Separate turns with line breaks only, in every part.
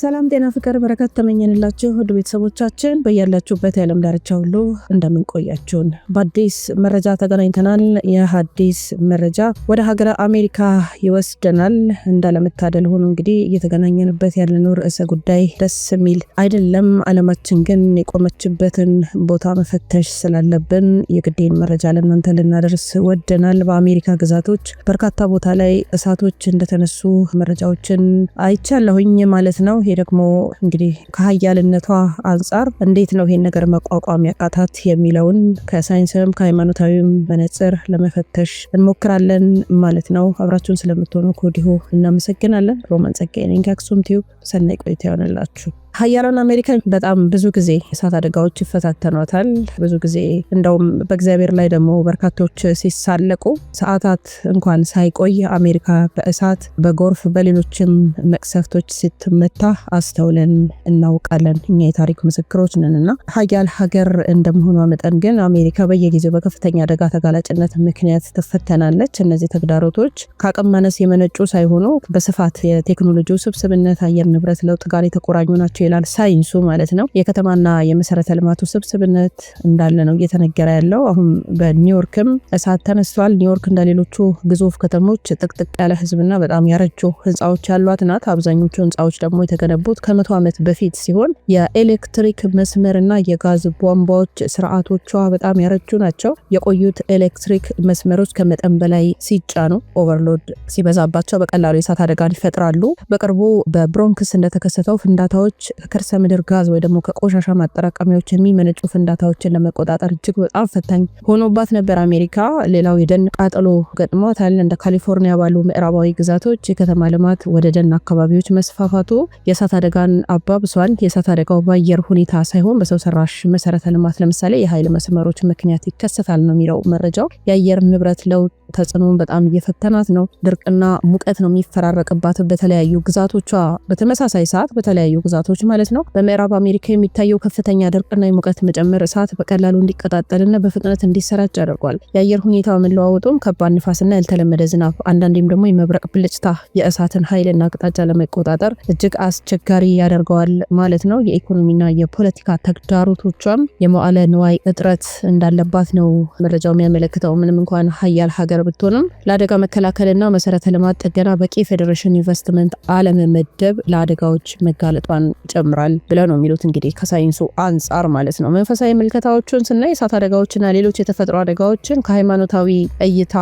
ሰላም ጤና ፍቅር በረከት ተመኘንላችሁ ውድ ቤተሰቦቻችን በያላችሁበት የዓለም ዳርቻ ሁሉ እንደምንቆያችሁን በአዲስ መረጃ ተገናኝተናል። ይህ አዲስ መረጃ ወደ ሀገረ አሜሪካ ይወስደናል። እንዳለመታደል ሆኖ እንግዲህ እየተገናኘንበት ያለነው ርዕሰ ጉዳይ ደስ የሚል አይደለም። አለማችን ግን የቆመችበትን ቦታ መፈተሽ ስላለብን የግዴን መረጃ ለእናንተ ልናደርስ ወደናል። በአሜሪካ ግዛቶች በርካታ ቦታ ላይ እሳቶች እንደተነሱ መረጃዎችን አይቻለሁኝ ማለት ነው። ይሄ ደግሞ እንግዲህ ከሀያልነቷ አንጻር እንዴት ነው ይሄን ነገር መቋቋም ያቃታት የሚለውን ከሳይንስም ከሃይማኖታዊም መነጽር ለመፈተሽ እንሞክራለን ማለት ነው። አብራችሁን ስለምትሆኑ ከወዲሁ እናመሰግናለን። ሮማን ጸጋዬ ነኝ ከአክሱም ቲዩብ። ሰናይ ቆይታ ይሆንላችሁ። ሀያላን አሜሪካን በጣም ብዙ ጊዜ እሳት አደጋዎች ይፈታተኗታል። ብዙ ጊዜ እንደውም በእግዚአብሔር ላይ ደግሞ በርካቶች ሲሳለቁ ሰዓታት እንኳን ሳይቆይ አሜሪካ በእሳት በጎርፍ፣ በሌሎችም መቅሰፍቶች ስትመታ አስተውለን እናውቃለን። እኛ የታሪክ ምስክሮች ነን እና ሀያል ሀገር እንደመሆኗ መጠን ግን አሜሪካ በየጊዜው በከፍተኛ አደጋ ተጋላጭነት ምክንያት ትፈተናለች። እነዚህ ተግዳሮቶች ከአቅም ማነስ የመነጩ ሳይሆኑ በስፋት የቴክኖሎጂ ውስብስብነት፣ አየር ንብረት ለውጥ ጋር የተቆራኙ ናቸው ይላል ሳይንሱ ማለት ነው። የከተማና የመሰረተ ልማቱ ስብስብነት እንዳለ ነው እየተነገረ ያለው። አሁን በኒውዮርክም እሳት ተነስቷል። ኒውዮርክ እንደ ሌሎቹ ግዙፍ ከተሞች ጥቅጥቅ ያለ ህዝብና በጣም ያረጁ ህንፃዎች ያሏት ናት። አብዛኞቹ ህንፃዎች ደግሞ የተገነቡት ከመቶ ዓመት በፊት ሲሆን የኤሌክትሪክ መስመርና የጋዝ ቧንቧዎች ስርዓቶቿ በጣም ያረጁ ናቸው። የቆዩት ኤሌክትሪክ መስመሮች ከመጠን በላይ ሲጫኑ ኦቨርሎድ ሲበዛባቸው በቀላሉ የእሳት አደጋን ይፈጥራሉ። በቅርቡ በብሮንክስ እንደተከሰተው ፍንዳታዎች ከከርሰ ምድር ጋዝ ወይ ደግሞ ከቆሻሻ ማጠራቀሚያዎች የሚመነጩ ፍንዳታዎችን ለመቆጣጠር እጅግ በጣም ፈታኝ ሆኖባት ነበር አሜሪካ። ሌላው የደን ቃጠሎ ገጥሟታል። እንደ ካሊፎርኒያ ባሉ ምዕራባዊ ግዛቶች የከተማ ልማት ወደ ደን አካባቢዎች መስፋፋቱ የእሳት አደጋን አባብሷል። የእሳት አደጋው በአየር ሁኔታ ሳይሆን በሰው ሰራሽ መሰረተ ልማት ለምሳሌ የኃይል መስመሮች ምክንያት ይከሰታል ነው የሚለው መረጃው። የአየር ንብረት ለውጥ ተጽዕኖን በጣም እየፈተናት ነው። ድርቅና ሙቀት ነው የሚፈራረቅባት በተለያዩ ግዛቶቿ። በተመሳሳይ ሰዓት በተለያዩ ግዛቶች ሀገሮች ማለት ነው በምዕራብ አሜሪካ የሚታየው ከፍተኛ ድርቅና የሙቀት መጨመር እሳት በቀላሉ እንዲቀጣጠልና በፍጥነት እንዲሰራጭ አድርጓል። የአየር ሁኔታ መለዋወጡም ከባድ ንፋስና ያልተለመደ ዝናብ፣ አንዳንዴም ደግሞ የመብረቅ ብልጭታ የእሳትን ኃይልና አቅጣጫ ለመቆጣጠር እጅግ አስቸጋሪ ያደርገዋል ማለት ነው። የኢኮኖሚና የፖለቲካ ተግዳሮቶቿም የመዋለ ንዋይ እጥረት እንዳለባት ነው መረጃው የሚያመለክተው። ምንም እንኳን ሀያል ሀገር ብትሆንም ለአደጋ መከላከልና መሰረተ ልማት ጥገና በቂ ፌዴሬሽን ኢንቨስትመንት አለመመደብ ለአደጋዎች መጋለጧን ይጨምራል ብለው ነው የሚሉት እንግዲህ ከሳይንሱ አንጻር ማለት ነው። መንፈሳዊ ምልከታዎቹን ስናይ እሳት አደጋዎችና ሌሎች የተፈጥሮ አደጋዎችን ከሃይማኖታዊ እይታ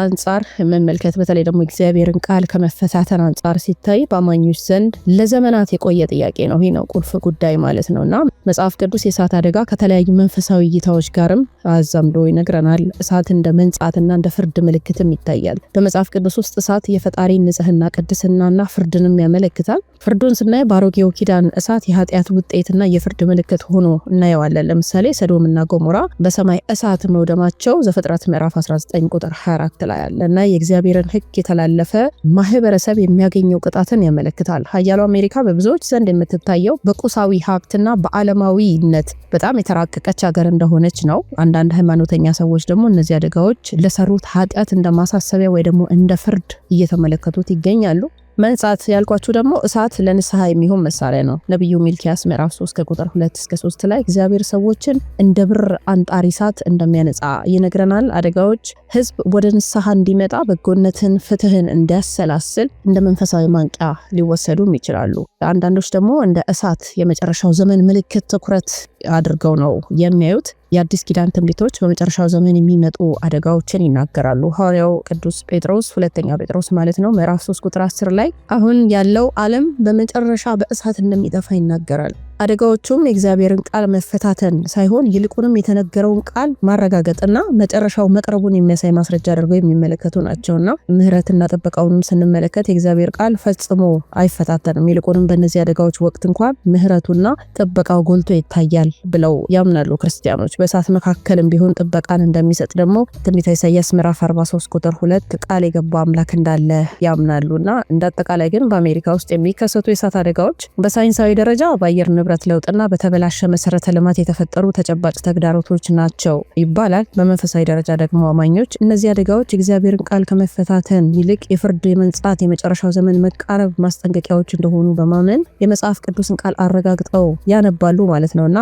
አንጻር መመልከት በተለይ ደግሞ እግዚአብሔርን ቃል ከመፈታተን አንጻር ሲታይ በአማኞች ዘንድ ለዘመናት የቆየ ጥያቄ ነው። ይህ ነው ቁልፍ ጉዳይ ማለት ነው እና መጽሐፍ ቅዱስ የእሳት አደጋ ከተለያዩ መንፈሳዊ እይታዎች ጋርም አዛምዶ ይነግረናል። እሳት እንደ መንጻትና እንደ ፍርድ ምልክትም ይታያል። በመጽሐፍ ቅዱስ ውስጥ እሳት የፈጣሪ ንጽህና፣ ቅድስናና ፍርድንም ያመለክታል። ፍርዱን ስናይ በአሮጌው ኪዳን የሰይጣን እሳት የኃጢአት ውጤትና የፍርድ ምልክት ሆኖ እናየዋለን። ለምሳሌ ሰዶምና ጎሞራ በሰማይ እሳት መውደማቸው ዘፍጥረት ምዕራፍ 19 ቁጥር 24 ላይ አለ እና የእግዚአብሔርን ሕግ የተላለፈ ማህበረሰብ የሚያገኘው ቅጣትን ያመለክታል። ሀያሉ አሜሪካ በብዙዎች ዘንድ የምትታየው በቁሳዊ ሀብትና በዓለማዊነት በጣም የተራቀቀች ሀገር እንደሆነች ነው። አንዳንድ ሃይማኖተኛ ሰዎች ደግሞ እነዚህ አደጋዎች ለሰሩት ኃጢአት እንደ ማሳሰቢያ ወይ ደግሞ እንደ ፍርድ እየተመለከቱት ይገኛሉ። መንጻት ያልኳችሁ ደግሞ እሳት ለንስሐ የሚሆን መሳሪያ ነው። ነቢዩ ሚልኪያስ ምዕራፍ 3 ከቁጥር 2 እስከ 3 ላይ እግዚአብሔር ሰዎችን እንደ ብር አንጣሪ እሳት እንደሚያነጻ ይነግረናል። አደጋዎች ህዝብ ወደ ንስሐ እንዲመጣ በጎነትን፣ ፍትህን እንዲያሰላስል እንደ መንፈሳዊ ማንቂያ ሊወሰዱም ይችላሉ። አንዳንዶች ደግሞ እንደ እሳት የመጨረሻው ዘመን ምልክት ትኩረት አድርገው ነው የሚያዩት። የአዲስ ኪዳን ትንቢቶች በመጨረሻው ዘመን የሚመጡ አደጋዎችን ይናገራሉ። ሐዋርያው ቅዱስ ጴጥሮስ ሁለተኛ ጴጥሮስ ማለት ነው ምዕራፍ 3 ቁጥር 10 ላይ አሁን ያለው ዓለም በመጨረሻ በእሳት እንደሚጠፋ ይናገራል። አደጋዎቹም የእግዚአብሔርን ቃል መፈታተን ሳይሆን ይልቁንም የተነገረውን ቃል ማረጋገጥና መጨረሻው መቅረቡን የሚያሳይ ማስረጃ አድርገው የሚመለከቱ ናቸውና ምሕረትና ጥበቃውንም ስንመለከት የእግዚአብሔር ቃል ፈጽሞ አይፈታተንም። ይልቁንም በእነዚህ አደጋዎች ወቅት እንኳን ምሕረቱና ጥበቃው ጎልቶ ይታያል ብለው ያምናሉ ክርስቲያኖች። በእሳት መካከልም ቢሆን ጥበቃን እንደሚሰጥ ደግሞ ትንቢተ ኢሳያስ ምዕራፍ 43 ቁጥር ሁለት ቃል የገባ አምላክ እንዳለ ያምናሉና እንደ አጠቃላይ ግን በአሜሪካ ውስጥ የሚከሰቱ የእሳት አደጋዎች በሳይንሳዊ ደረጃ በአየር ንብረት ለውጥና በተበላሸ መሰረተ ልማት የተፈጠሩ ተጨባጭ ተግዳሮቶች ናቸው ይባላል። በመንፈሳዊ ደረጃ ደግሞ አማኞች እነዚህ አደጋዎች የእግዚአብሔርን ቃል ከመፈታተን ይልቅ የፍርድ የመንጻት የመጨረሻው ዘመን መቃረብ ማስጠንቀቂያዎች እንደሆኑ በማመን የመጽሐፍ ቅዱስን ቃል አረጋግጠው ያነባሉ ማለት ነው እና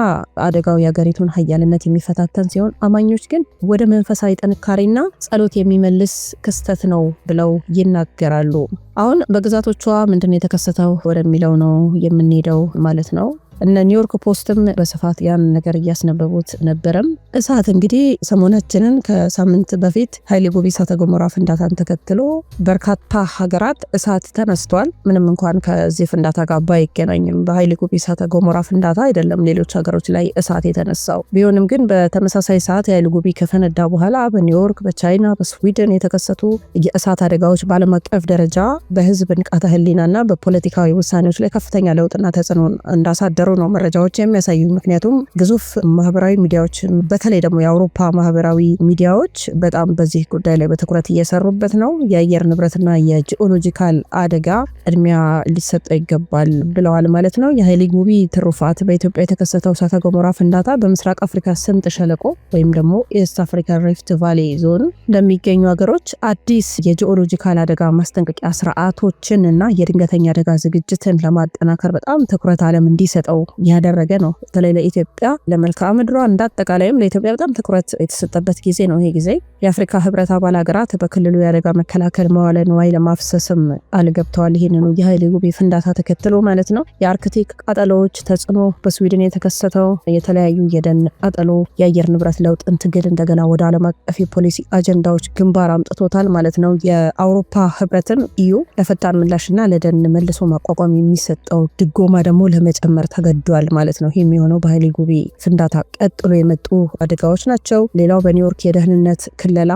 አደጋው የአገሪቱን ሀያልነት የሚፈታተን ሲሆን አማኞች ግን ወደ መንፈሳዊ ጥንካሬና ጸሎት የሚመልስ ክስተት ነው ብለው ይናገራሉ። አሁን በግዛቶቿ ምንድን የተከሰተው ወደሚለው ነው የምንሄደው ማለት ነው። እነ ኒውዮርክ ፖስትም በስፋት ያን ነገር እያስነበቡት ነበረም። እሳት እንግዲህ ሰሞናችንን ከሳምንት በፊት ሀይሌ ጉቢ እሳተ ገሞራ ፍንዳታን ተከትሎ በርካታ ሀገራት እሳት ተነስቷል። ምንም እንኳን ከዚህ ፍንዳታ ጋር ባይገናኝም በሀይሌ ጉቢ እሳተ ፍንዳታ አይደለም ሌሎች ሀገሮች ላይ እሳት የተነሳው ቢሆንም ግን በተመሳሳይ ሰዓት የሀይሌ ጉቢ ከፈነዳ በኋላ በኒውዮርክ፣ በቻይና፣ በስዊድን የተከሰቱ የእሳት አደጋዎች በዓለም አቀፍ ደረጃ በህዝብ ንቃተ ህሊናና በፖለቲካዊ ውሳኔዎች ላይ ከፍተኛ ለውጥና ተጽዕኖ እንዳሳደ እንደሚሰሩ ነው መረጃዎች የሚያሳዩ። ምክንያቱም ግዙፍ ማህበራዊ ሚዲያዎች በተለይ ደግሞ የአውሮፓ ማህበራዊ ሚዲያዎች በጣም በዚህ ጉዳይ ላይ በትኩረት እየሰሩበት ነው። የአየር ንብረትና የጂኦሎጂካል አደጋ ቅድሚያ ሊሰጠው ይገባል ብለዋል ማለት ነው። የሀይሊ ጉቢ ትሩፋት በኢትዮጵያ የተከሰተው እሳተ ገሞራ ፍንዳታ በምስራቅ አፍሪካ ስምጥ ሸለቆ ወይም ደግሞ ኢስት አፍሪካ ሪፍት ቫሌ ዞን እንደሚገኙ ሀገሮች አዲስ የጂኦሎጂካል አደጋ ማስጠንቀቂያ ስርዓቶችን እና የድንገተኛ አደጋ ዝግጅትን ለማጠናከር በጣም ትኩረት ዓለም እንዲሰጠው እንድትመርጠው ያደረገ ነው። በተለይ ለኢትዮጵያ ለመልክዓ ምድሯ እንዳጠቃላይም ለኢትዮጵያ በጣም ትኩረት የተሰጠበት ጊዜ ነው። ይሄ ጊዜ የአፍሪካ ህብረት አባል ሀገራት በክልሉ የአደጋ መከላከል መዋለ ንዋይ ለማፍሰስም ቃል ገብተዋል። ይህንኑ የሀይል ጉቤ ፍንዳታ ተከትሎ ማለት ነው። የአርክቲክ ቃጠሎዎች ተጽዕኖ፣ በስዊድን የተከሰተው የተለያዩ የደን ቃጠሎ የአየር ንብረት ለውጥን ትግል እንደገና ወደ ዓለም አቀፍ የፖሊሲ አጀንዳዎች ግንባር አምጥቶታል ማለት ነው። የአውሮፓ ህብረትም ኢዩ ለፈጣን ምላሽና ለደን መልሶ ማቋቋም የሚሰጠው ድጎማ ደግሞ ለመጨመር ተገዷል ማለት ነው። ይህም የሆነው በኃይሌ ጉቢ ፍንዳታ ቀጥሎ የመጡ አደጋዎች ናቸው። ሌላው በኒውዮርክ የደህንነት ክለላ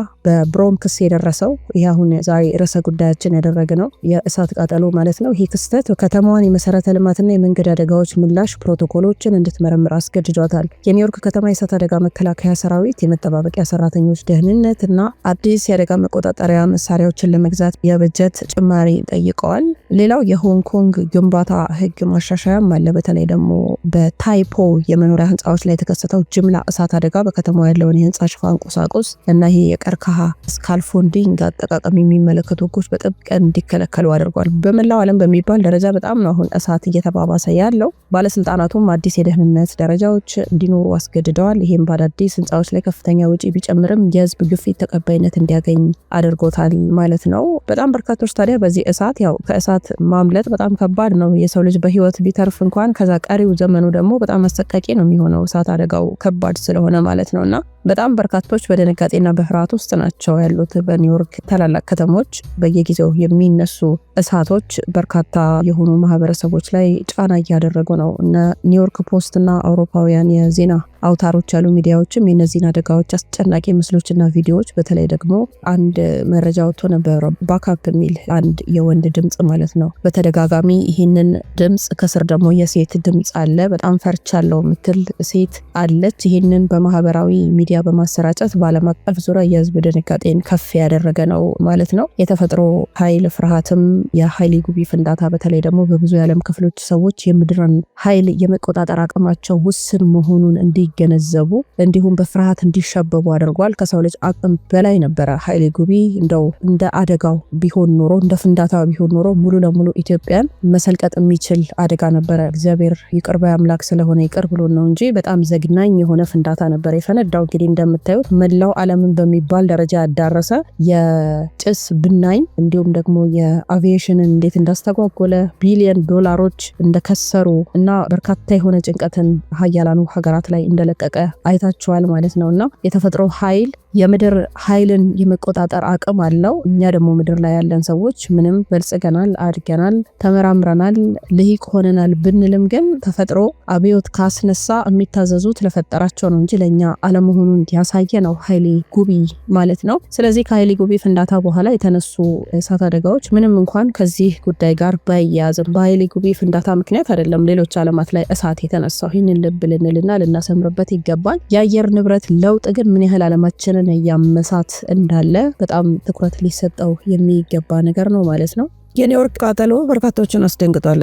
ክስ የደረሰው ይህ አሁን ዛሬ ርዕሰ ጉዳያችን ያደረገ ነው፣ የእሳት ቃጠሎ ማለት ነው። ይህ ክስተት ከተማዋን የመሰረተ ልማትና የመንገድ አደጋዎች ምላሽ ፕሮቶኮሎችን እንድትመረምር አስገድዷታል። የኒውዮርክ ከተማ የእሳት አደጋ መከላከያ ሰራዊት፣ የመጠባበቂያ ሰራተኞች ደህንነት እና አዲስ የአደጋ መቆጣጠሪያ መሳሪያዎችን ለመግዛት የበጀት ጭማሪ ጠይቀዋል። ሌላው የሆንግ ኮንግ ግንባታ ህግ ማሻሻያም አለ። በተለይ ደግሞ በታይፖ የመኖሪያ ህንፃዎች ላይ የተከሰተው ጅምላ እሳት አደጋ በከተማው ያለውን የህንፃ ሽፋን ቁሳቁስ እና ይሄ የቀርከሃ ስካልፎንዲንግ አጠቃቀም የሚመለከቱ ህጎች በጥብቅ እንዲከለከሉ አድርጓል። በመላው ዓለም በሚባል ደረጃ በጣም ነው አሁን እሳት እየተባባሰ ያለው። ባለስልጣናቱም አዲስ የደህንነት ደረጃዎች እንዲኖሩ አስገድደዋል። ይህም በአዳዲስ ህንፃዎች ላይ ከፍተኛ ውጪ ቢጨምርም የህዝብ ግፊት ተቀባይነት እንዲያገኝ አድርጎታል ማለት ነው። በጣም በርካቶች ታዲያ በዚህ እሳት ያው ከእሳት ማምለጥ በጣም ከባድ ነው። የሰው ልጅ በህይወት ቢተርፍ እንኳን ከዛ ቀሪው ዘመኑ ደግሞ በጣም አሰቃቂ ነው የሚሆነው እሳት አደጋው ከባድ ስለሆነ ማለት ነው እና በጣም በርካቶች በድንጋጤና በፍርሃት ውስጥ ናቸው ያሉት። በኒውዮርክ ታላላቅ ከተሞች በየጊዜው የሚነሱ እሳቶች በርካታ የሆኑ ማህበረሰቦች ላይ ጫና እያደረጉ ነው። እነ ኒውዮርክ እና አውሮፓውያን የዜና አውታሮች ያሉ ሚዲያዎችም የነዚህን አደጋዎች አስጨናቂ ምስሎችና ቪዲዮዎች በተለይ ደግሞ አንድ መረጃ ወጥቶ ነበረ ባካፕ የሚል አንድ የወንድ ድምፅ ማለት ነው። በተደጋጋሚ ይህንን ድምፅ ከስር ደግሞ የሴት ድምፅ አለ። በጣም ፈርቻለው የምትል ሴት አለች። ይህንን በማህበራዊ ሚዲያ በማሰራጨት በዓለም አቀፍ ዙሪያ የህዝብ ድንጋጤን ከፍ ያደረገ ነው ማለት ነው። የተፈጥሮ ኃይል ፍርሃትም የኃይል ጉቢ ፍንዳታ በተለይ ደግሞ በብዙ የዓለም ክፍሎች ሰዎች የምድርን ኃይል የመቆጣጠር አቅማቸው ውስን መሆኑን እንዲ እንዲገነዘቡ እንዲሁም በፍርሃት እንዲሸበቡ አድርጓል። ከሰው ልጅ አቅም በላይ ነበረ ኃይሌ ጉቢ። እንደው እንደ አደጋው ቢሆን ኖሮ እንደ ፍንዳታ ቢሆን ኖሮ ሙሉ ለሙሉ ኢትዮጵያን መሰልቀጥ የሚችል አደጋ ነበረ። እግዚአብሔር ይቅር ባይ አምላክ ስለሆነ ይቅር ብሎ ነው እንጂ በጣም ዘግናኝ የሆነ ፍንዳታ ነበረ የፈነዳው። እንግዲህ እንደምታዩት መላው ዓለምን በሚባል ደረጃ ያዳረሰ የጭስ ብናኝ እንዲሁም ደግሞ የአቪዬሽንን እንዴት እንዳስተጓጎለ ቢሊየን ዶላሮች እንደከሰሩ እና በርካታ የሆነ ጭንቀትን ሀያላኑ ሀገራት ላይ እንደለቀቀ አይታችኋል ማለት ነውና የተፈጥሮ ኃይል የምድር ኃይልን የመቆጣጠር አቅም አለው። እኛ ደግሞ ምድር ላይ ያለን ሰዎች ምንም በልጽገናል፣ አድገናል፣ ተመራምረናል፣ ልሂቅ ሆነናል ብንልም ግን ተፈጥሮ አብዮት ካስነሳ የሚታዘዙት ለፈጠራቸው ነው እንጂ ለእኛ አለመሆኑን ያሳየ ነው ኃይሌ ጉቢ ማለት ነው። ስለዚህ ከኃይሌ ጉቢ ፍንዳታ በኋላ የተነሱ እሳት አደጋዎች ምንም እንኳን ከዚህ ጉዳይ ጋር ባያያዝም በኃይሌ ጉቢ ፍንዳታ ምክንያት አይደለም ሌሎች አለማት ላይ እሳት የተነሳው። ይህንን ልብ ልንልና ልናሰምርበት ይገባል። የአየር ንብረት ለውጥ ግን ምን ያህል አለማችንን የሆነ ያመሳት እንዳለ በጣም ትኩረት ሊሰጠው የሚገባ ነገር ነው ማለት ነው። የኒውዮርክ ቃጠሎ በርካቶችን አስደንግጧል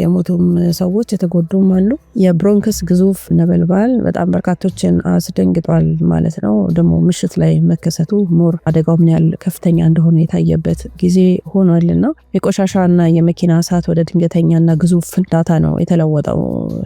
የሞቱም ሰዎች የተጎዱም አሉ። የብሮንክስ ግዙፍ ነበልባል በጣም በርካቶችን አስደንግጧል ማለት ነው። ደግሞ ምሽት ላይ መከሰቱ ሞር አደጋው ምን ያህል ከፍተኛ እንደሆነ የታየበት ጊዜ ሆኗል የቆሻሻና የቆሻሻ የመኪና እሳት ወደ ድንገተኛ ግዙፍ ፍንዳታ ነው የተለወጠው።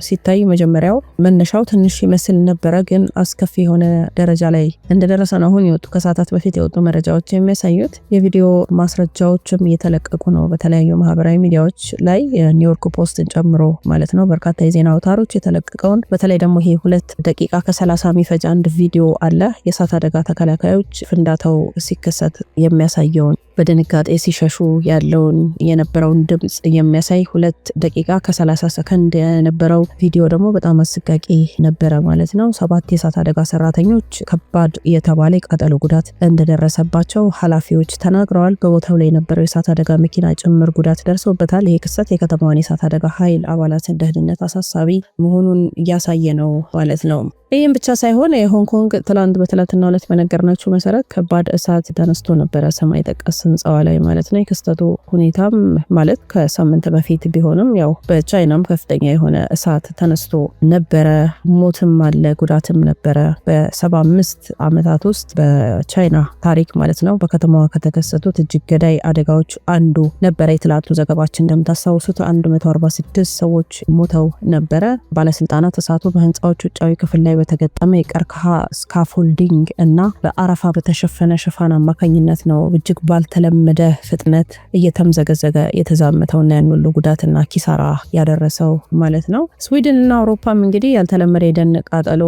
ሲታይ መጀመሪያው መነሻው ትንሽ ይመስል ነበረ፣ ግን አስከፊ የሆነ ደረጃ ላይ እንደደረሰ ነው አሁን የወጡ ከሰዓታት በፊት የወጡ መረጃዎች የሚያሳዩት። የቪዲዮ ማስረጃዎችም እየተለቀቁ ነው በተለያዩ ማህበራዊ ሚዲያዎች ላይ የኒውዮርክ ፖስትን ጨምሮ ማለት ነው በርካታ የዜና አውታሮች የተለቀቀውን በተለይ ደግሞ ይሄ ሁለት ደቂቃ ከሰላሳ የሚፈጅ አንድ ቪዲዮ አለ የእሳት አደጋ ተከላካዮች ፍንዳታው ሲከሰት የሚያሳየውን በድንጋጤ ሲሸሹ ያለውን የነበረውን ድምፅ የሚያሳይ ሁለት ደቂቃ ከ30 ሰከንድ የነበረው ቪዲዮ ደግሞ በጣም አስጋቂ ነበረ ማለት ነው። ሰባት የእሳት አደጋ ሰራተኞች ከባድ የተባለ የቃጠሎ ጉዳት እንደደረሰባቸው ኃላፊዎች ተናግረዋል። በቦታው ላይ የነበረው የእሳት አደጋ መኪና ጭምር ጉዳት ደርሶበታል። ይህ ክስተት የከተማዋን የእሳት አደጋ ኃይል አባላትን ደህንነት አሳሳቢ መሆኑን እያሳየ ነው ማለት ነው። ይህም ብቻ ሳይሆን የሆንግ ኮንግ ትላንት በትላንትና ሁለት በነገርናችሁ መሰረት ከባድ እሳት ተነስቶ ነበረ ሰማይ ጠቀስ ህንፃዋ ላይ ማለት ነው። የክስተቱ ሁኔታም ማለት ከሳምንት በፊት ቢሆንም ያው በቻይናም ከፍተኛ የሆነ እሳት ተነስቶ ነበረ። ሞትም አለ፣ ጉዳትም ነበረ። በሰባ አምስት ዓመታት ውስጥ በቻይና ታሪክ ማለት ነው በከተማዋ ከተከሰቱት እጅግ ገዳይ አደጋዎች አንዱ ነበረ። የትላንቱ ዘገባችን እንደምታስታውሱት 146 ሰዎች ሞተው ነበረ። ባለስልጣናት እሳቱ በህንፃዎች ውጫዊ ክፍል ላይ በተገጠመ የቀርከሃ ስካፎልዲንግ እና በአረፋ በተሸፈነ ሽፋን አማካኝነት ነው እጅግ ባልተለመደ ፍጥነት እየተምዘገዘገ የተዛመተውና ያን ሁሉ ጉዳትና ኪሳራ ያደረሰው ማለት ነው። ስዊድን እና አውሮፓም እንግዲህ ያልተለመደ የደን ቃጠሎ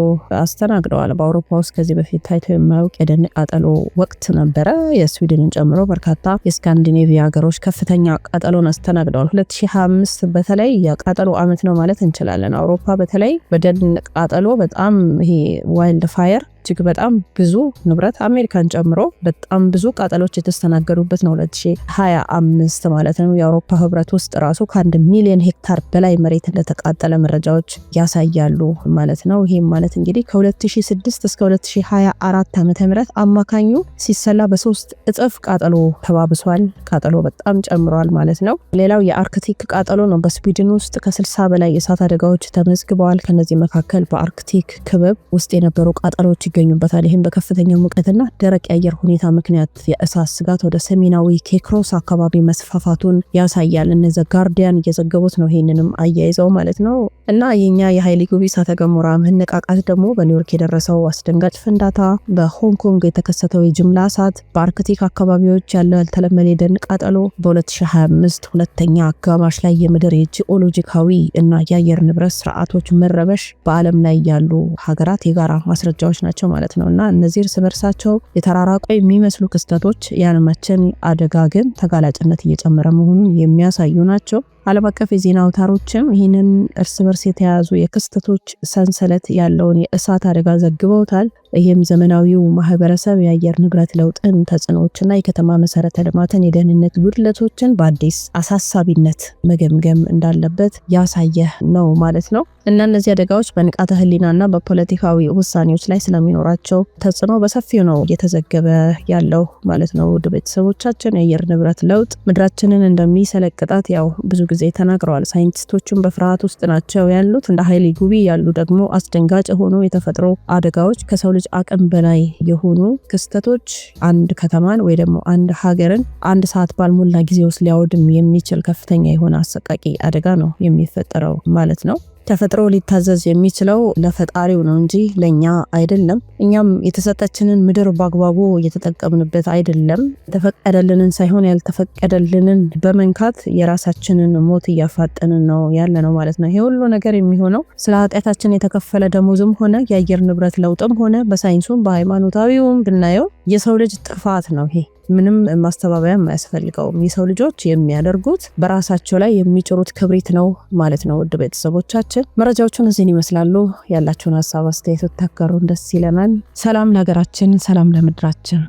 አስተናግደዋል። በአውሮፓ ውስጥ ከዚህ በፊት ታይቶ የማያውቅ የደን ቃጠሎ ወቅት ነበረ። የስዊድንን ጨምሮ በርካታ የስካንዲኔቪያ ሀገሮች ከፍተኛ ቃጠሎን አስተናግደዋል። 2025 በተለይ የቃጠሎ ዓመት ነው ማለት እንችላለን። አውሮፓ በተለይ በደን ቃጠሎ በጣም went he wildfire እጅግ በጣም ብዙ ንብረት አሜሪካን ጨምሮ በጣም ብዙ ቃጠሎች የተስተናገዱበት ነው 2025 ማለት ነው። የአውሮፓ ህብረት ውስጥ ራሱ ከአንድ ሚሊዮን ሄክታር በላይ መሬት እንደተቃጠለ መረጃዎች ያሳያሉ ማለት ነው። ይህም ማለት እንግዲህ ከ2006 እስከ 2024 ዓ ም አማካኙ ሲሰላ በሶስት እጥፍ ቃጠሎ ተባብሷል። ቃጠሎ በጣም ጨምሯል ማለት ነው። ሌላው የአርክቲክ ቃጠሎ ነው። በስዊድን ውስጥ ከ60 በላይ የእሳት አደጋዎች ተመዝግበዋል። ከነዚህ መካከል በአርክቲክ ክበብ ውስጥ የነበሩ ቃጠሎች ይገኙበታል። ይህም በከፍተኛ ሙቀትና ደረቅ የአየር ሁኔታ ምክንያት የእሳት ስጋት ወደ ሰሜናዊ ኬክሮስ አካባቢ መስፋፋቱን ያሳያል። እነ ጋርዲያን እየዘገቡት ነው፣ ይህንንም አያይዘው ማለት ነው። እና የኛ የሀይሊ ጉቢ እሳተ ገሞራ መነቃቃት ደግሞ በኒውዮርክ የደረሰው አስደንጋጭ ፍንዳታ፣ በሆንግ ኮንግ የተከሰተው የጅምላ እሳት፣ በአርክቲክ አካባቢዎች ያለ ያልተለመደ የደን ቃጠሎ፣ በ2025 ሁለተኛ አጋማሽ ላይ የምድር የጂኦሎጂካዊ እና የአየር ንብረት ስርዓቶች መረበሽ በዓለም ላይ ያሉ ሀገራት የጋራ ማስረጃዎች ናቸው። ናቸው ማለት ነው እና እነዚህ እርስ በርሳቸው የተራራቁ የሚመስሉ ክስተቶች ያለመቸን አደጋ ግን ተጋላጭነት እየጨመረ መሆኑን የሚያሳዩ ናቸው። ዓለም አቀፍ የዜና አውታሮችም ይህንን እርስ በርስ የተያያዙ የክስተቶች ሰንሰለት ያለውን የእሳት አደጋ ዘግበውታል። ይህም ዘመናዊው ማህበረሰብ የአየር ንብረት ለውጥን ተጽዕኖዎችና የከተማ መሰረተ ልማትን የደህንነት ጉድለቶችን በአዲስ አሳሳቢነት መገምገም እንዳለበት ያሳየ ነው ማለት ነው እና እነዚህ አደጋዎች በንቃተ ሕሊናና በፖለቲካዊ ውሳኔዎች ላይ ስለሚኖራቸው ተጽዕኖ በሰፊው ነው እየተዘገበ ያለው ማለት ነው። ውድ ቤተሰቦቻችን የአየር ንብረት ለውጥ ምድራችንን እንደሚሰለቅጣት ያው ብዙ ጊዜ ተናግረዋል። ሳይንቲስቶቹም በፍርሃት ውስጥ ናቸው ያሉት። እንደ ሀይሊ ጉቢ ያሉ ደግሞ አስደንጋጭ የሆኑ የተፈጥሮ አደጋዎች፣ ከሰው ልጅ አቅም በላይ የሆኑ ክስተቶች አንድ ከተማን ወይ ደግሞ አንድ ሀገርን አንድ ሰዓት ባልሞላ ጊዜ ውስጥ ሊያወድም የሚችል ከፍተኛ የሆነ አሰቃቂ አደጋ ነው የሚፈጠረው ማለት ነው። ተፈጥሮ ሊታዘዝ የሚችለው ለፈጣሪው ነው እንጂ ለእኛ አይደለም። እኛም የተሰጠችንን ምድር በአግባቡ እየተጠቀምንበት አይደለም። የተፈቀደልንን ሳይሆን ያልተፈቀደልንን በመንካት የራሳችንን ሞት እያፋጠንን ነው ያለ ነው ማለት ነው። ይሄ ሁሉ ነገር የሚሆነው ስለ ኃጢአታችን የተከፈለ ደሞዝም ሆነ የአየር ንብረት ለውጥም ሆነ በሳይንሱም በሃይማኖታዊውም ብናየው የሰው ልጅ ጥፋት ነው ይሄ ምንም ማስተባበያም አያስፈልገውም። የሰው ልጆች የሚያደርጉት በራሳቸው ላይ የሚጭሩት ክብሪት ነው ማለት ነው። ውድ ቤተሰቦቻችን መረጃዎቹን እዚህን ይመስላሉ። ያላችሁን ሀሳብ አስተያየት ታጋሩን ደስ ይለናል። ሰላም ለሀገራችን፣ ሰላም ለምድራችን።